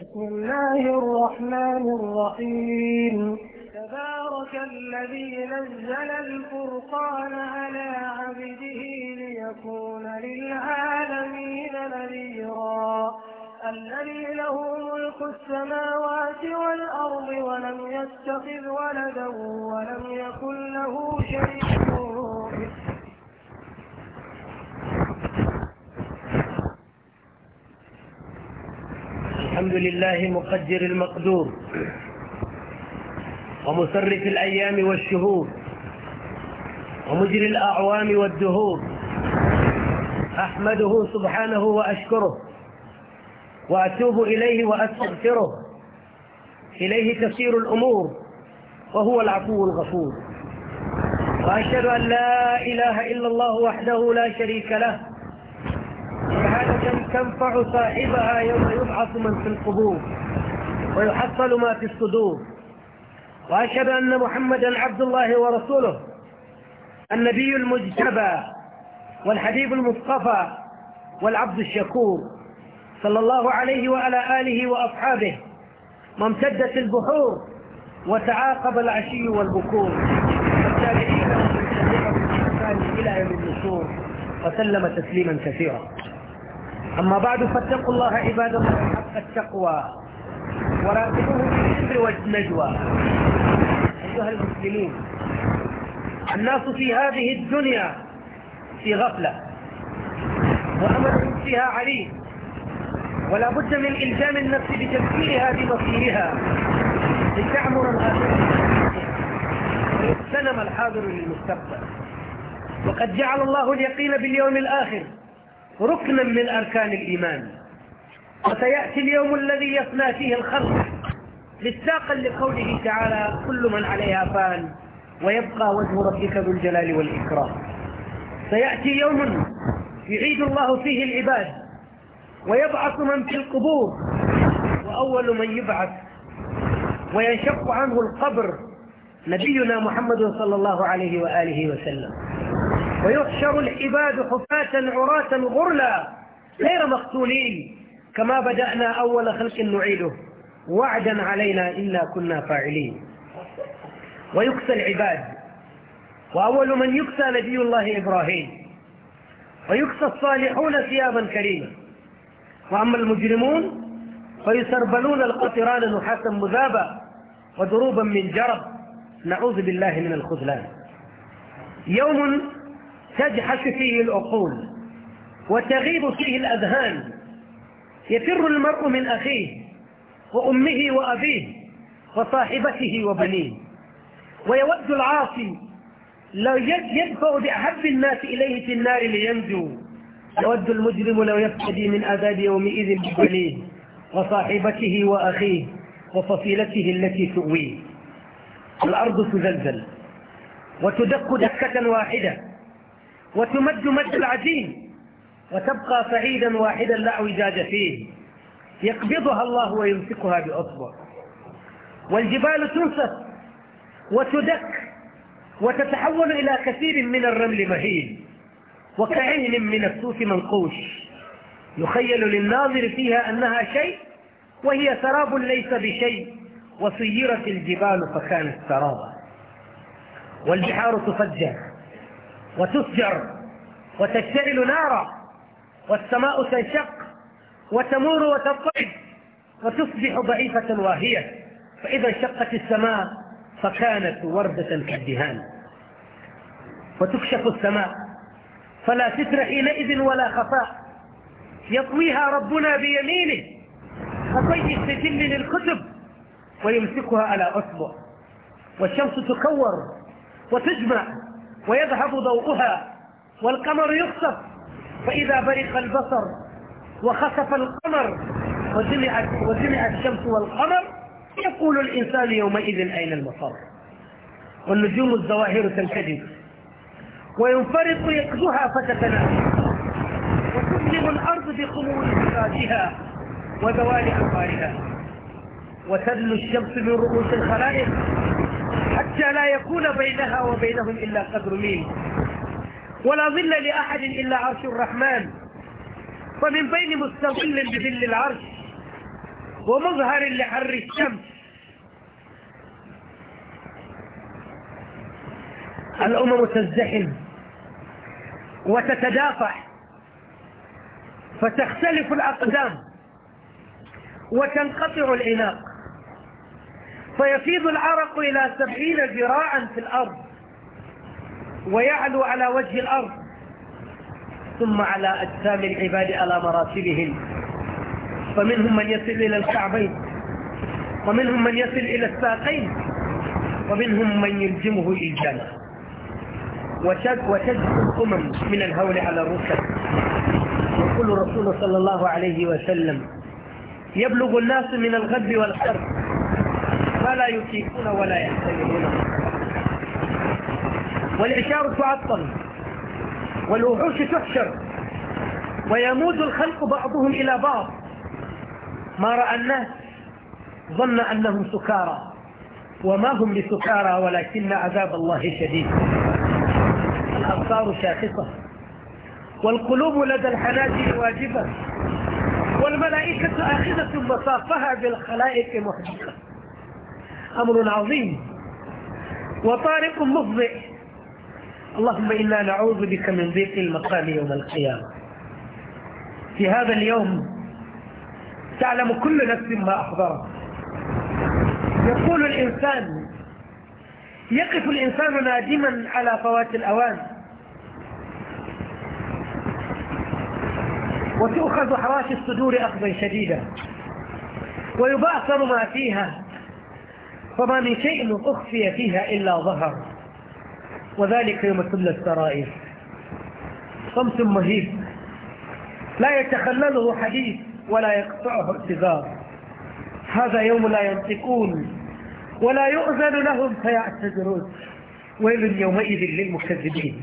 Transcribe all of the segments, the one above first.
بسم الله الرحمن الرحيم تبارك الذي نزل الفرقان على عبده ليكون للعالمين نذيرا الذي له ملك السماوات والأرض ولم يتخذ ولدا ولم يكن له شريك الحمد لله مقدر المقدور ومصرف الأيام والشهور ومجري الأعوام والدهور أحمده سبحانه وأشكره وأتوب إليه وأستغفره إليه تسير الأمور وهو العفو الغفور وأشهد أن لا إله إلا الله وحده لا شريك له شهادة تنفع صاحبها يوم يبعث من في القبور ويحصل ما في الصدور وأشهد أن محمدا عبد الله ورسوله النبي المجتبى والحبيب المصطفى والعبد الشكور صلى الله عليه وعلى آله وأصحابه ما امتدت البحور وتعاقب العشي والبكور والتابعين ومن تبعهم إلى يوم النشور وسلم تسليما كثيرا أما بعد فاتقوا الله عباد الله حق التقوى وراقبوه بالسر والنجوى أيها المسلمين الناس في هذه الدنيا في غفلة وأمرهم فيها عليم ولا بد من إلزام النفس بتفكيرها بمصيرها لتعمر الآخرة ويغتنم الحاضر للمستقبل وقد جعل الله اليقين باليوم الآخر ركنا من أركان الإيمان وسيأتي اليوم الذي يفنى فيه الخلق مصداقا لقوله تعالى كل من عليها فان ويبقى وجه ربك ذو الجلال والإكرام سيأتي يوم يعيد الله فيه العباد ويبعث من في القبور وأول من يبعث وينشق عنه القبر نبينا محمد صلى الله عليه وآله وسلم ويحشر العباد حفاة عراة غرلا غير مقتولين كما بدأنا أول خلق نعيده وعدا علينا إلا كنا فاعلين ويكسى العباد وأول من يكسى نبي الله إبراهيم ويكسى الصالحون ثيابا كريما وأما المجرمون فيسربلون القطران نحاسا مذابا ودروبا من جرب نعوذ بالله من الخذلان يوم تجحش فيه العقول وتغيب فيه الأذهان يفر المرء من أخيه وأمه وأبيه وصاحبته وبنيه ويود العاصي لو يدفع بأحب الناس إليه في النار لينجو يود المجرم لو يفتدي من عذاب يومئذ ببنيه وصاحبته وأخيه وفصيلته التي تؤويه الأرض تزلزل وتدق دكة واحدة وتمد مد العجين وتبقى صعيدا واحدا لا اعوجاج فيه يقبضها الله ويمسكها بأصبع والجبال تنسف وتدك وتتحول إلى كثير من الرمل مهين وكعهن من السوس منقوش يخيل للناظر فيها أنها شيء وهي سراب ليس بشيء وسيرت الجبال فكانت سرابا والبحار تفجر وتفجر وتشتعل نارا والسماء تنشق وتمور وتضطرب وتصبح ضعيفة واهية فإذا انشقت السماء فكانت وردة كالدهان وتكشف السماء فلا ستر حينئذ ولا خفاء يطويها ربنا بيمينه كطي السجل للكتب ويمسكها على أصبع والشمس تكور وتجمع ويذهب ضوءها والقمر يخسف فإذا برق البصر وخسف القمر وجمع, وسمع الشمس والقمر يقول الإنسان يومئذ أين المصر والنجوم الزواهر تنكذب وينفرط يقدها فتتنافس وتظلم الأرض بخمور فراجها وذوال أنفارها وتدل الشمس من رؤوس الخلائق حتى لا يكون بينها وبينهم إلا قدر ميل ولا ظل لأحد إلا عرش الرحمن فمن بين مستظل بظل العرش ومظهر لحر الشمس الأمم تزدحم وتتدافع فتختلف الأقدام وتنقطع العناق فيفيض العرق إلى سبعين ذراعا في الأرض ويعلو على وجه الأرض ثم على أجسام العباد على مراتبهم فمنهم من يصل إلى الكعبين ومنهم من يصل إلى الساقين ومنهم من يلجمه وشد وشد الأمم من الهول على الرسل يقول الرسول صلى الله عليه وسلم يبلغ الناس من الغد والحرب ولا يطيقون ولا يحتملون والعشار تعطل والوحوش تحشر ويموت الخلق بعضهم إلى بعض ما رأى الناس ظن أنهم سكارى وما هم بسكارى ولكن عذاب الله شديد الأبصار شاخصة والقلوب لدى الحناجر واجبة والملائكة آخذة مصافها بالخلائق محدثة أمر عظيم وطارق مفضئ اللهم إنا نعوذ بك من ضيق المقام يوم القيامة في هذا اليوم تعلم كل نفس ما أحضرت يقول الإنسان يقف الإنسان نادما على فوات الأوان وتؤخذ حراش الصدور أخذا شديدا ويبعثر ما فيها فما من شيء أخفي فيها إلا ظهر وذلك يوم تبلى السرائر صمت مهيب لا يتخلله حديث ولا يقطعه اعتذار هذا يوم لا ينطقون ولا يؤذن لهم فيعتذرون ويل يومئذ للمكذبين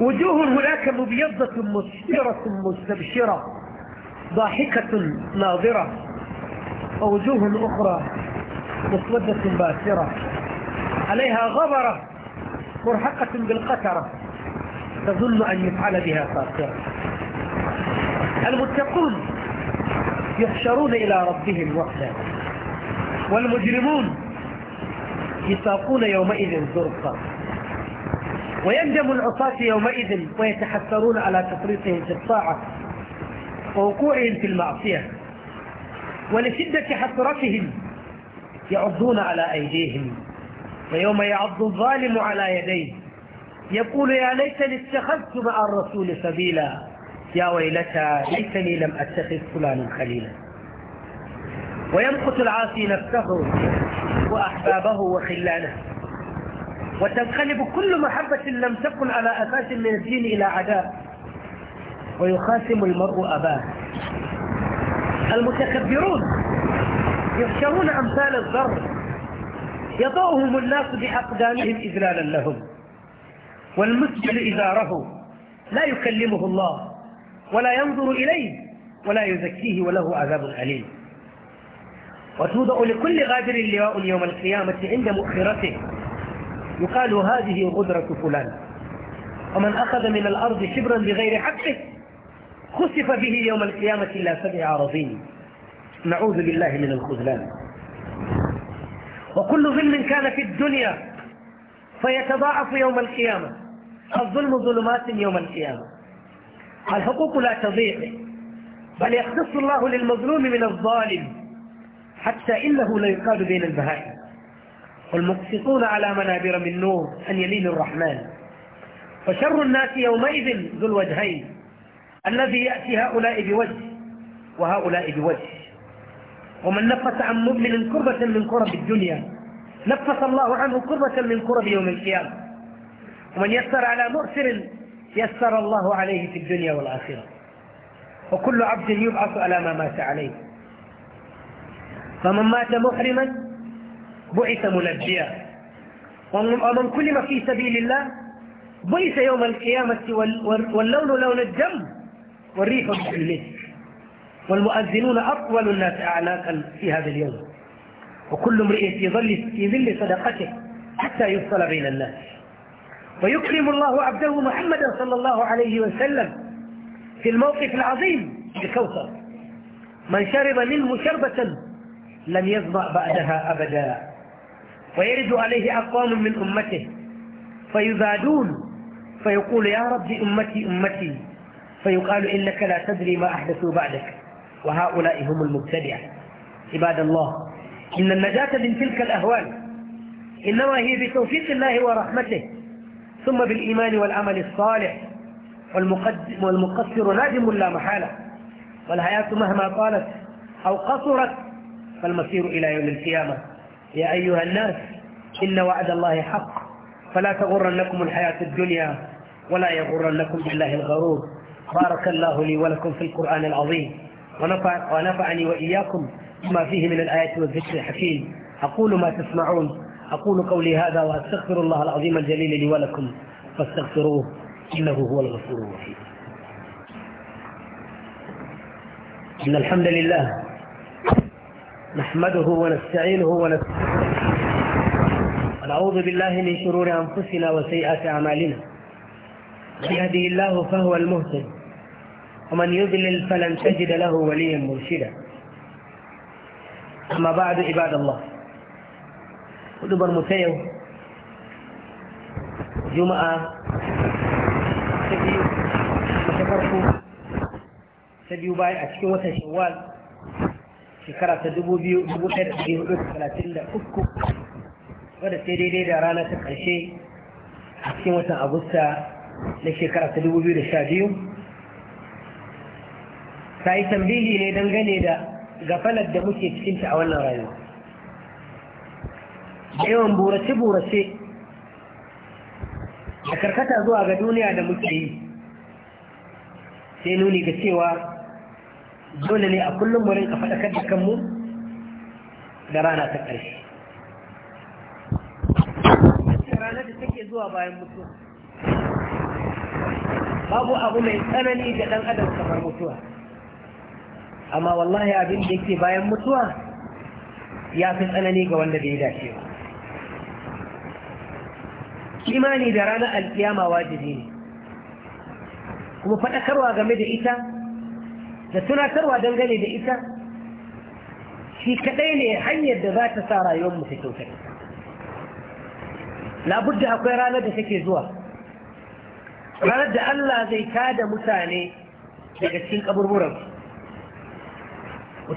وجوه هناك مبيضة مسفرة مستبشرة ضاحكة ناظرة ووجوه أخرى مسودة باسرة عليها غبرة مرحقة بالقترة تظن أن يفعل بها ساقرة المتقون يحشرون إلى ربهم وحدا والمجرمون يساقون يومئذ زرقا ويندم العصاة يومئذ ويتحسرون على تفريطهم في الطاعة ووقوعهم في المعصية ولشدة حسرتهم يعضون على أيديهم ويوم يعض الظالم على يديه يقول يا ليتني اتخذت مع الرسول سبيلا يا ويلتى ليتني لم أتخذ فلانا خليلا ويمقت العاصي نفسه وأحبابه وخلانه وتنقلب كل محبة لم تكن على أساس من الدين إلى عداء ويخاسم المرء أباه المتكبرون يحشرون أمثال الذر يضعهم الناس بأقدامهم إذلالا لهم والمسجد إزاره لا يكلمه الله ولا ينظر إليه ولا يزكيه وله عذاب أليم وتوضع لكل غادر لواء يوم القيامة عند مؤخرته يقال هذه غدرة فلان ومن أخذ من الأرض شبرا بغير حقه خسف به يوم القيامة الا سبع عرضين نعوذ بالله من الخذلان وكل ظلم كان في الدنيا فيتضاعف يوم القيامة الظلم ظلمات يوم القيامة الحقوق لا تضيع بل يختص الله للمظلوم من الظالم حتى إنه يقال بين البهائم والمقسطون على منابر من نور أن يلين الرحمن فشر الناس يومئذ ذو الوجهين الذي يأتي هؤلاء بوجه وهؤلاء بوجه ومن نفس عن مؤمن كربة من كرب الدنيا نفس الله عنه كربة من كرب يوم القيامة ومن يسر على مؤسر يسر الله عليه في الدنيا والآخرة وكل عبد يبعث على ما مات عليه فمن مات محرما بعث ملبيا ومن كلم في سبيل الله بعث يوم القيامة واللون لون الدم والريح بحلته والمؤذنون أطول الناس أعناقا في هذا اليوم وكل امرئ في ظل في ظل صدقته حتى يفصل بين الناس ويكرم الله عبده محمدا صلى الله عليه وسلم في الموقف العظيم الكوثر من شرب منه شربة لم يظمأ بعدها أبدا ويرد عليه أقوام من أمته فيزادون فيقول يا رب أمتي أمتي فيقال إنك لا تدري ما أحدثوا بعدك وهؤلاء هم المبتدعة عباد الله إن النجاة من تلك الأهوال إنما هي بتوفيق الله ورحمته ثم بالإيمان والعمل الصالح والمقصر نادم لا محالة والحياة مهما طالت أو قصرت فالمسير إلى يوم القيامة يا أيها الناس إن وعد الله حق فلا تغرنكم الحياة الدنيا ولا يغرنكم بالله الغرور بارك الله لي ولكم في القرآن العظيم ونفع ونفعني وإياكم بما فيه من الآيات والذكر الحكيم أقول ما تسمعون أقول قولي هذا وأستغفر الله العظيم الجليل لي ولكم فاستغفروه إنه هو الغفور الرحيم إن الحمد لله نحمده ونستعينه ونستغفره ونعوذ بالله من شرور أنفسنا وسيئات أعمالنا من يهده الله فهو المهتد ومن يذلل فلن تجد له وليا مرشدا أما بعد عباد الله ودبر متيو جمعة سبيو متفرقو سبيو باي أشكي شوال شكرا تدبو بيو دبو بيو بيو ثلاثين لأكو wadda sai daidai da rana ta ƙarshe a cikin watan agusta na shekara ta yi tambihi ne dangane da gafalar da muke cikinta a wannan rayuwa da yawan burace-burace da karkata zuwa ga duniya da muke yi sai nuni ga cewa dole ne a kullum wurin a faɗakar da kanmu da rana ta ƙarshe ranar da take zuwa bayan babu abu mai tsanani da ɗan adam kamar mutuwa amma wallahi abin da yake bayan mutuwa ya fi tsanani ga wanda bai dace ba imani da ranar alkiyama wajibi ne kuma faɗakarwa game da ita da tunatarwa dangane da ita shi kaɗai ne hanyar da za ta sa rayuwarmu ta kyautar labudda akwai ranar da take zuwa ranar da Allah zai tada mutane daga cikin kaburburansu